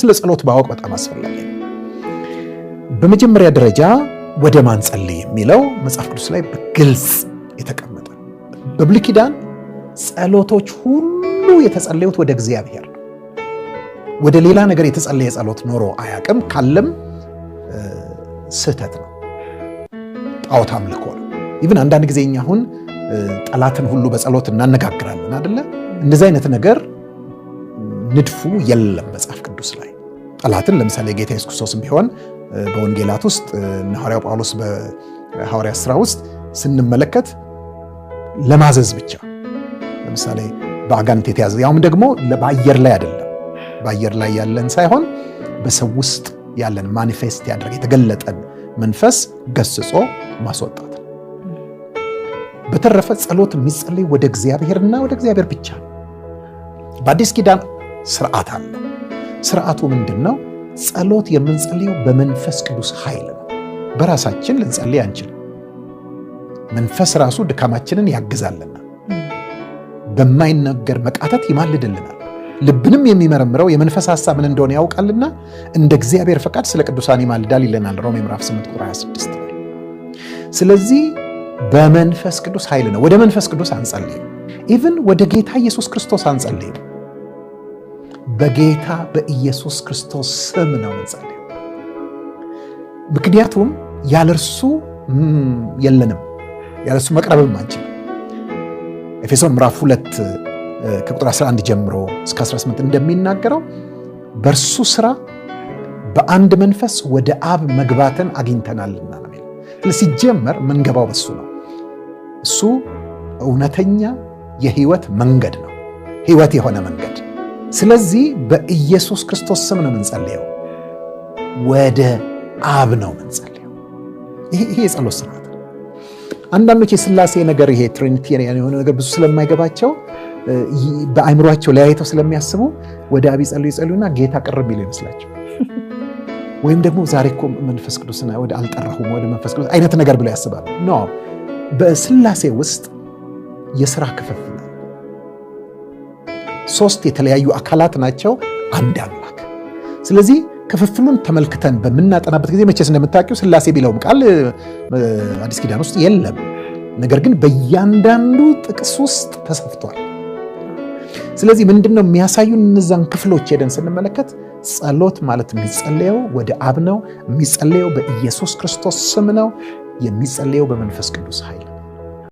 ስለ ጸሎት ማወቅ በጣም አስፈላጊ ነው። በመጀመሪያ ደረጃ ወደ ማን ጸልይ የሚለው መጽሐፍ ቅዱስ ላይ በግልጽ የተቀመጠ ነው። በብሉይ ኪዳን ጸሎቶች ሁሉ የተጸለዩት ወደ እግዚአብሔር፣ ወደ ሌላ ነገር የተጸለየ ጸሎት ኖሮ አያቅም። ካለም ስህተት ነው፣ ጣዖት አምልኮ ነው። ኢቭን አንዳንድ ጊዜ እኛ አሁን ጠላትን ሁሉ በጸሎት እናነጋግራለን አደለ? እንደዚህ አይነት ነገር ንድፉ የለም መጽሐፍ ቅዱስ ላይ ጠላትን ለምሳሌ ጌታ ኢየሱስ ክርስቶስም ቢሆን በወንጌላት ውስጥ ሐዋርያው ጳውሎስ በሐዋርያ ስራ ውስጥ ስንመለከት ለማዘዝ ብቻ ለምሳሌ በአጋንንት የተያዘ ያውም ደግሞ በአየር ላይ አይደለም፣ በአየር ላይ ያለን ሳይሆን በሰው ውስጥ ያለን ማኒፌስት ያደረገ የተገለጠን መንፈስ ገስጾ ማስወጣት በተረፈ ጸሎት የሚጸለይ ወደ እግዚአብሔርና ወደ እግዚአብሔር ብቻ ነው። በአዲስ ኪዳን ስርዓት አለ። ስርዓቱ ምንድን ነው? ጸሎት የምንጸልየው በመንፈስ ቅዱስ ኃይል ነው። በራሳችን ልንጸልይ አንችልም። መንፈስ ራሱ ድካማችንን ያግዛልና በማይነገር መቃተት ይማልድልናል። ልብንም የሚመረምረው የመንፈስ ሐሳብ ምን እንደሆነ ያውቃልና እንደ እግዚአብሔር ፈቃድ ስለ ቅዱሳን ይማልዳል ይለናል ሮሜ ምዕራፍ 8 ቁጥር 26 ላይ። ስለዚህ በመንፈስ ቅዱስ ኃይል ነው። ወደ መንፈስ ቅዱስ አንጸልይም። ኢቭን ወደ ጌታ ኢየሱስ ክርስቶስ አንጸልይም። በጌታ በኢየሱስ ክርስቶስ ስም ነው ምንጸልየው። ምክንያቱም ያለ እርሱ የለንም፣ ያለ እርሱ መቅረብም አንችል። ኤፌሶን ምዕራፍ 2 ከቁጥር 11 ጀምሮ እስከ 18 እንደሚናገረው በእርሱ ስራ በአንድ መንፈስ ወደ አብ መግባትን አግኝተናልና ነው። ሲጀመር ምንገባው በሱ ነው። እሱ እውነተኛ የህይወት መንገድ ነው፣ ህይወት የሆነ መንገድ ስለዚህ በኢየሱስ ክርስቶስ ስም ነው የምንጸልየው፣ ወደ አብ ነው የምንጸልየው። ይሄ የጸሎት ስርዓት ነው። አንዳንዶች የሥላሴ ነገር ይሄ ትሪኒቴሪያን የሆነ ነገር ብዙ ስለማይገባቸው በአእምሯቸው ለያይተው ስለሚያስቡ ወደ አብ ይጸልዩ ይጸልዩና ጌታ ቅርብ ይለው ይመስላቸው ወይም ደግሞ ዛሬ እኮ መንፈስ ቅዱስን ወደ አልጠራሁም ወደ መንፈስ ቅዱስ አይነት ነገር ብለው ያስባሉ። ኖ በሥላሴ ውስጥ የሥራ ክፍፍል ሶስት የተለያዩ አካላት ናቸው፣ አንድ አምላክ። ስለዚህ ክፍፍሉን ተመልክተን በምናጠናበት ጊዜ መቼስ እንደምታውቂው ስላሴ ቢለውም ቃል አዲስ ኪዳን ውስጥ የለም። ነገር ግን በእያንዳንዱ ጥቅስ ውስጥ ተሰፍቷል። ስለዚህ ምንድን ነው የሚያሳዩን? እነዛን ክፍሎች ሄደን ስንመለከት ጸሎት ማለት የሚጸለየው ወደ አብ ነው። የሚጸለየው በኢየሱስ ክርስቶስ ስም ነው። የሚጸለየው በመንፈስ ቅዱስ ኃይል